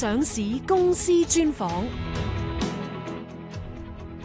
上市公司專訪：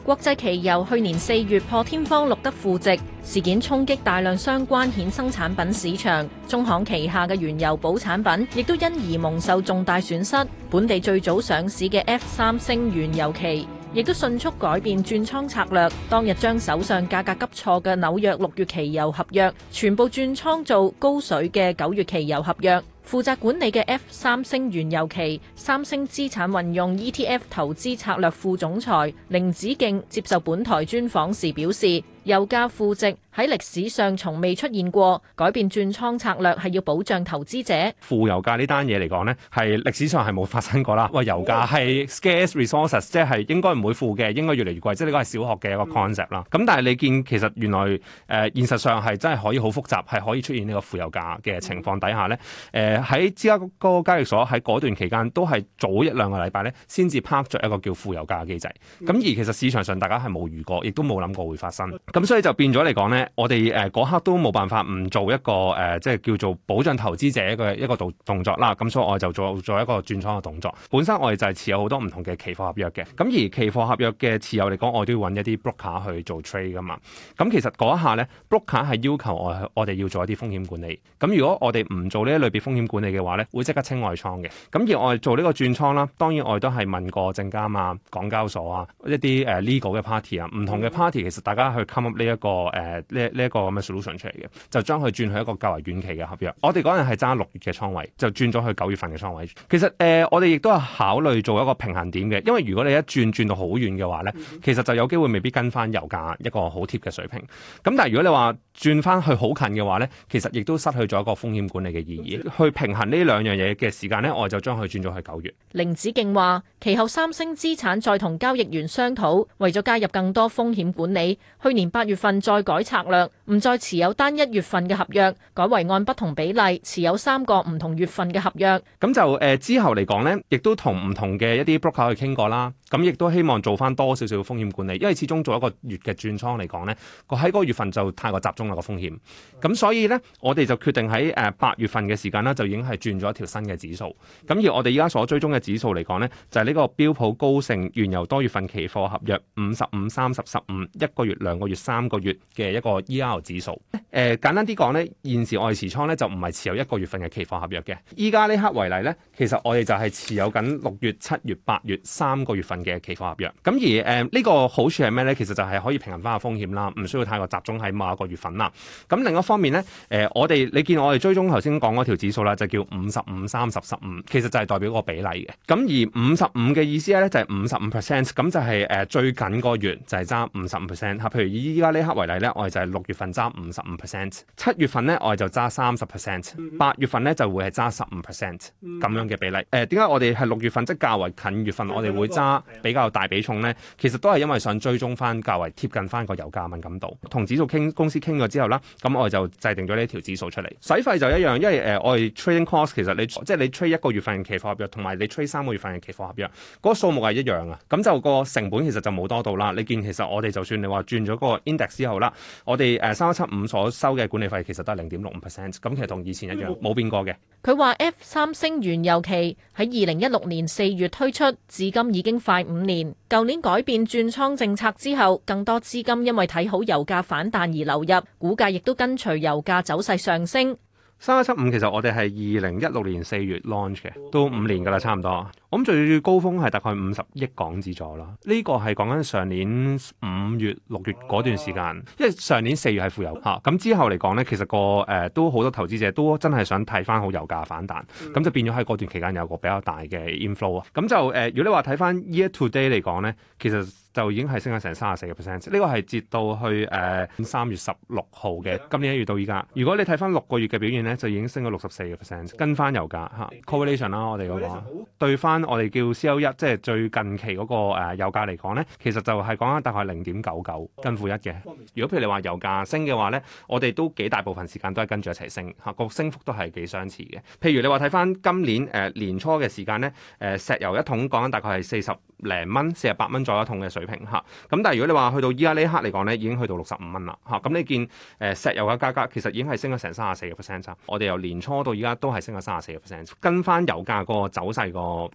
國際期油去年四月破天荒錄得負值，事件沖擊大量相關衍生產品市場。中行旗下嘅原油保產品亦都因而蒙受重大損失。本地最早上市嘅 F 三星原油期，亦都迅速改變轉倉策略，當日將手上價格急挫嘅紐約六月期油合約全部轉倉做高水嘅九月期油合約。負責管理嘅 F 三星原油期三星資產運用 ETF 投資策略副總裁凌子敬接受本台專訪時表示，油價負值喺歷史上從未出現過改變轉倉策略係要保障投資者負油價呢單嘢嚟講呢係歷史上係冇發生過啦。喂，油價係 scarce resources，即係應該唔會負嘅，應該越嚟越貴。即係呢個係小學嘅一個 concept 啦、嗯。咁但係你見其實原來誒、呃、現實上係真係可以好複雜，係可以出現呢個負油價嘅情況底下呢誒喺芝加哥交易所喺嗰段期間都係早一兩個禮拜呢先至 pack 著一個叫負油價嘅機制。咁、嗯、而其實市場上大家係冇遇過，亦都冇諗過會發生。咁、嗯嗯、所以就變咗嚟講呢。我哋誒嗰刻都冇辦法唔做一個誒，即、呃、係叫做保障投資者嘅一個動動作啦。咁所以我哋就做做一個轉倉嘅動作。本身我哋就係持有好多唔同嘅期貨合約嘅。咁而期貨合約嘅持有嚟講，我都要揾一啲 broker 去做 trade 噶嘛。咁其實嗰一下咧，broker 係要求我我哋要做一啲風險管理。咁如果我哋唔做呢一類別風險管理嘅話咧，會即刻清外倉嘅。咁而我哋做呢個轉倉啦，當然我哋都係問過證監啊、港交所啊一啲誒、uh, legal 嘅 party 啊，唔同嘅 party 其實大家去 come up 呢、這、一個誒。Uh, 呢一個咁嘅 solution 出嚟嘅，就將佢轉去一個較為遠期嘅合約。我哋嗰陣係揸六月嘅倉位，就轉咗去九月份嘅倉位。其實誒、呃，我哋亦都係考慮做一個平衡點嘅，因為如果你一轉轉到好遠嘅話咧，其實就有機會未必跟翻油價一個好貼嘅水平。咁但係如果你話轉翻去好近嘅話咧，其實亦都失去咗一個風險管理嘅意義。嗯、去平衡呢兩樣嘢嘅時間咧，我哋就將佢轉咗去九月。凌子敬話：其後三星資產再同交易員商討，為咗加入更多風險管理，去年八月份再改策。唔再持有單一月份嘅合約，改為按不同比例持有三個唔同月份嘅合約。咁就誒之後嚟講呢亦都同唔同嘅一啲 broker 去傾過啦。咁亦都希望做翻多少少風險管理，因為始終做一個月嘅轉倉嚟講呢個喺個月份就太過集中啦個風險。咁所以呢，我哋就決定喺誒八月份嘅時間呢，就已經係轉咗一條新嘅指數。咁而我哋而家所追蹤嘅指數嚟講呢就係、是、呢個標普高盛原油多月份期貨合約五十五、三十、十五一個月、兩個月、三個月嘅一個。EIA 指數，誒簡單啲講咧，現時我哋持倉咧就唔係持有一個月份嘅期貨合約嘅。依家呢刻為例咧，其實我哋就係持有緊六月、七月、八月三個月份嘅期貨合約。咁而誒呢個好處係咩咧？其實就係可以平衡翻個風險啦，唔需要太過集中喺某一個月份啦。咁另一方面咧，誒我哋你見我哋追蹤頭先講嗰條指數啦，就叫五十五、三十、十五，其實就係代表個比例嘅。咁而五十五嘅意思咧就係五十五 percent，咁就係誒最近個月就係揸五十五 percent 嚇。譬如以依家呢刻為例咧，我哋。就係六月份揸五十五 percent，七月份咧我哋就揸三十 percent，八月份咧就會係揸十五 percent 咁樣嘅比例。誒、呃，點解我哋係六月份即係較為近月份，我哋會揸比較大比重咧？其實都係因為想追蹤翻較為貼近翻個油價敏感度。同指數傾公司傾咗之後啦，咁我哋就制定咗呢一條指數出嚟。使費就一樣，因為誒、呃、我哋 trading cost 其實你即係你 trade 一個月份嘅期貨合約，同埋你 trade 三個月份嘅期貨合約，嗰、那個數目係一樣啊。咁就嗰個成本其實就冇多到啦。你見其實我哋就算你話轉咗嗰個 index 之後啦。我哋誒三一七五所收嘅管理費其實都係零點六五 percent，咁其實同以前一樣冇變過嘅。佢話 F 三星原油期喺二零一六年四月推出，至今已經快五年。舊年改變轉倉政策之後，更多資金因為睇好油價反彈而流入，股價亦都跟隨油價走勢上升。三一七五其實我哋係二零一六年四月 launch 嘅，都五年㗎喇，差唔多。咁最高峰係大概五十億港紙左右，呢、這個係講緊上年五月六月嗰段時間，因為上年四月係負油嚇，咁、嗯、之後嚟講咧，其實個誒、呃、都好多投資者都真係想睇翻好油價反彈，咁、嗯、就變咗喺嗰段期間有個比較大嘅 inflow 啊、嗯，咁就誒如果你話睇翻 year to day 嚟講咧，其實就已經係升咗成三十四個 percent，呢個係截到去誒三、呃、月十六號嘅今年一月到依家。如果你睇翻六個月嘅表現咧，就已經升咗六十四個 percent，跟翻油價嚇、嗯、correlation 啦，我哋嘅話對翻。我哋叫 C.O. 一，即係最近期嗰個油價嚟講咧，其實就係講緊大概零點九九跟負一嘅。如果譬如你油價話油價升嘅話咧，我哋都幾大部分時間都係跟住一齊升，個、啊、升幅都係幾相似嘅。譬如你話睇翻今年誒、呃、年初嘅時間咧，誒、呃、石油一桶講緊大概係四十零蚊、四十八蚊左右一桶嘅水平嚇。咁、啊、但係如果你話去到依家呢一刻嚟講咧，已經去到六十五蚊啦嚇。咁、啊、你見誒、呃、石油嘅價格其實已經係升咗成三十四個 percent。我哋由年初到依家都係升咗三十四個 percent，跟翻油價個走勢個。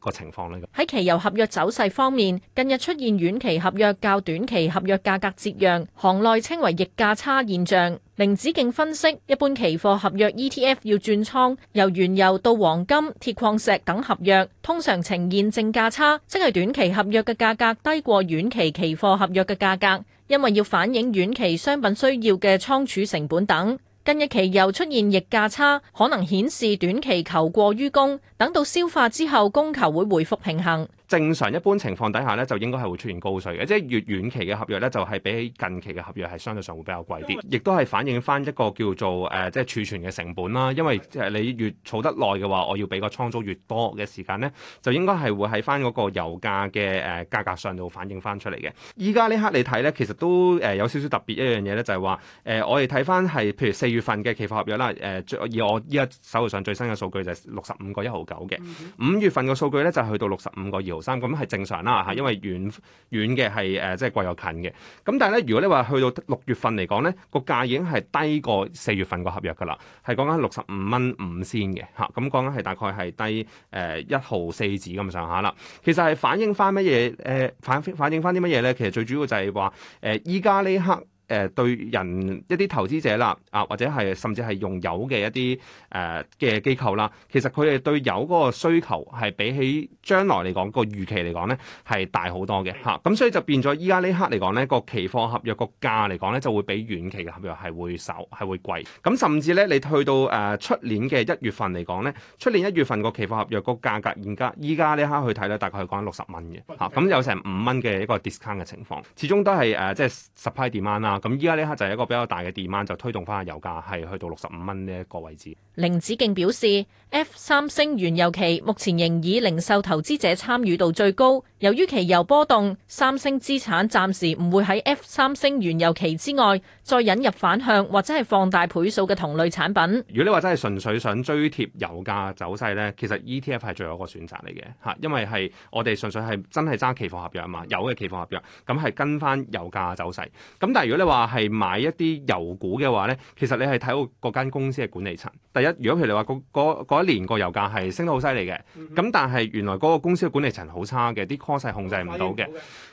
喺期油合約走勢方面，近日出現遠期合約較短期合約價格折讓，行內稱為逆價差現象。凌子敬分析，一般期貨合約 ETF 要轉倉，由原油到黃金、鐵礦石等合約，通常呈現正價差，即係短期合約嘅價格低過遠期期貨合約嘅價格，因為要反映遠期商品需要嘅倉儲成本等。近日期又出現逆價差，可能顯示短期求過於供，等到消化之後，供求會回復平衡。正常一般情況底下咧，就應該係會出現高水嘅，即係越遠期嘅合約咧，就係、是、比起近期嘅合約係相對上會比較貴啲，亦都係反映翻一個叫做誒、呃，即係儲存嘅成本啦。因為誒你越儲得耐嘅話，我要俾個倉租越多嘅時間咧，就應該係會喺翻嗰個油價嘅誒價格上度反映翻出嚟嘅。依家呢刻你睇咧，其實都誒、呃、有少少特別一樣嘢咧，就係話誒我哋睇翻係譬如四月份嘅期貨合約啦，誒以我依家手頭上最新嘅數據就係六十五個一毫九嘅，五、mm hmm. 月份嘅數據咧就去到六十五個二生咁係正常啦嚇，因為遠遠嘅係誒，即係貴又近嘅。咁但係咧，如果你話去到六月份嚟講咧，個價已經係低過四月份個合約噶啦，係講緊六十五蚊五仙嘅嚇，咁講緊係大概係低誒一、呃、毫四子咁上下啦。其實係反映翻乜嘢？誒、呃、反、反映反映翻啲乜嘢咧？其實最主要就係話誒，依家呢刻。誒對人一啲投資者啦，啊或者係甚至係用油嘅一啲誒嘅機構啦、啊，其實佢哋對油嗰個需求係比起將來嚟講、那個預期嚟講咧係大好多嘅嚇，咁、啊、所以就變咗依家呢刻嚟講咧個期貨合約個價嚟講咧就會比遠期嘅合約係會少，係會貴，咁、啊、甚至咧你去到誒出、啊、年嘅一月份嚟講咧，出年一月份個期貨合約個價格而家依家呢刻去睇咧大概係講六十蚊嘅嚇，咁、啊、有成五蚊嘅一個 discount 嘅情況，始終都係誒、啊、即係 supply demand 啦。咁依家呢刻就係一個比較大嘅 demand，就推動翻個油價係去到六十五蚊呢一個位置。凌子敬表示，F 三星原油期目前仍以零售投資者參與度最高。由於期油波動，三星資產暫時唔會喺 F 三星原油期之外，再引入反向或者係放大倍數嘅同類產品。如果你話真係純粹想追貼油價走勢呢，其實 ETF 係最後一個選擇嚟嘅吓，因為係我哋純粹係真係揸期貨合約啊嘛，有嘅期貨合約咁係跟翻油價走勢。咁但係如果你話係買一啲油股嘅話呢，其實你係睇到嗰間公司嘅管理層。第一，如果譬如你話嗰一年個油價係升得好犀利嘅，咁但係原來嗰個公司嘅管理層好差嘅，啲。科勢控制唔到嘅。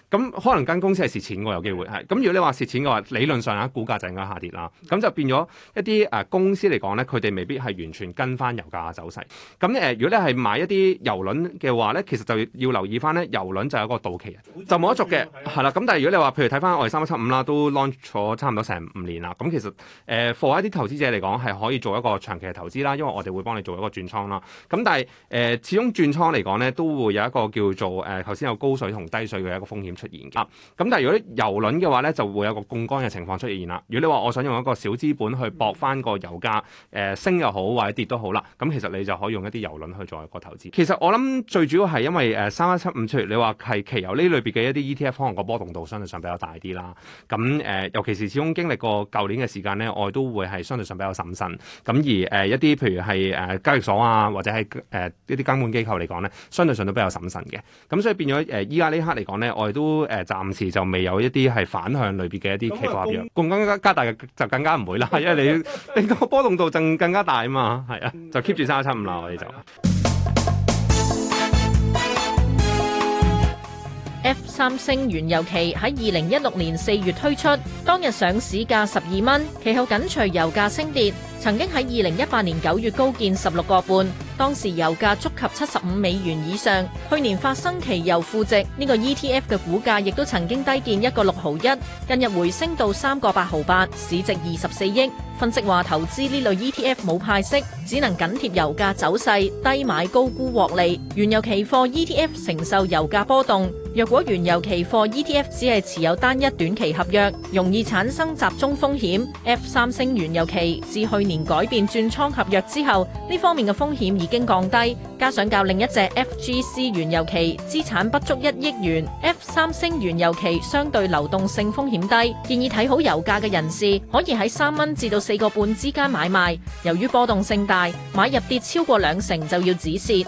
咁可能跟公司係蝕錢喎，有機會係。咁如果你話蝕錢嘅話，理論上啊，股價就應該下跌啦。咁就變咗一啲誒公司嚟講咧，佢哋未必係完全跟翻油價嘅走勢。咁誒，如果你係買一啲油輪嘅話咧，其實就要留意翻咧，油輪就係一個到期日，就冇得續嘅，係啦。咁但係如果你話譬如睇翻 F 三一七五啦，5，都 launch 咗差唔多成五年啦。咁其實誒、呃、for 一啲投資者嚟講係可以做一個長期嘅投資啦，因為我哋會幫你做一個轉倉啦。咁但係誒、呃，始終轉倉嚟講咧，都會有一個叫做誒頭先有高水同低水嘅一個風險。出現啊。咁但係如果遊輪嘅話咧，就會有個槓桿嘅情況出現啦。如果你話我想用一個小資本去搏翻個油價，誒、呃、升又好或者跌都好啦，咁、嗯、其實你就可以用一啲遊輪去做一個投資。其實我諗最主要係因為誒三一七五，譬如你話係期油呢類別嘅一啲 ETF 方案個波動度相對上比較大啲啦。咁、嗯、誒、呃，尤其是始終經歷過舊年嘅時間咧，我哋都會係相對上比較審慎。咁、嗯、而誒一啲譬如係誒、呃、交易所啊，或者係誒、呃、一啲監管機構嚟講咧，相對上都比較審慎嘅。咁、嗯、所以變咗誒，依、呃、家呢刻嚟講咧，我哋都都誒，暫時就未有一啲係反向類別嘅一啲期貨合約。槓桿加，加大就更加唔會啦，因為你你個波動度更更加大啊嘛，係啊，就 keep 住三七五啦，我哋就。F 三星原油期喺二零一六年四月推出，當日上市價十二蚊。其後緊隨油價升跌，曾經喺二零一八年九月高見十六個半，當時油價觸及七十五美元以上。去年發生期油負值，呢、這個 ETF 嘅股價亦都曾經低見一個六毫一。近日回升到三個八毫八，市值二十四億。分析話，投資呢類 ETF 冇派息，只能緊貼油價走勢，低買高沽獲利。原油期貨 ETF 承受油價波動。若果原油期貨 ETF 只係持有單一短期合約，容易產生集中風險。F 三星原油期自去年改變轉倉合約之後，呢方面嘅風險已經降低。加上較另一隻 FGC 原油期資產不足一億元，F 三星原油期相對流動性風險低。建議睇好油價嘅人士可以喺三蚊至到四個半之間買賣。由於波動性大，買入跌超過兩成就要止蝕。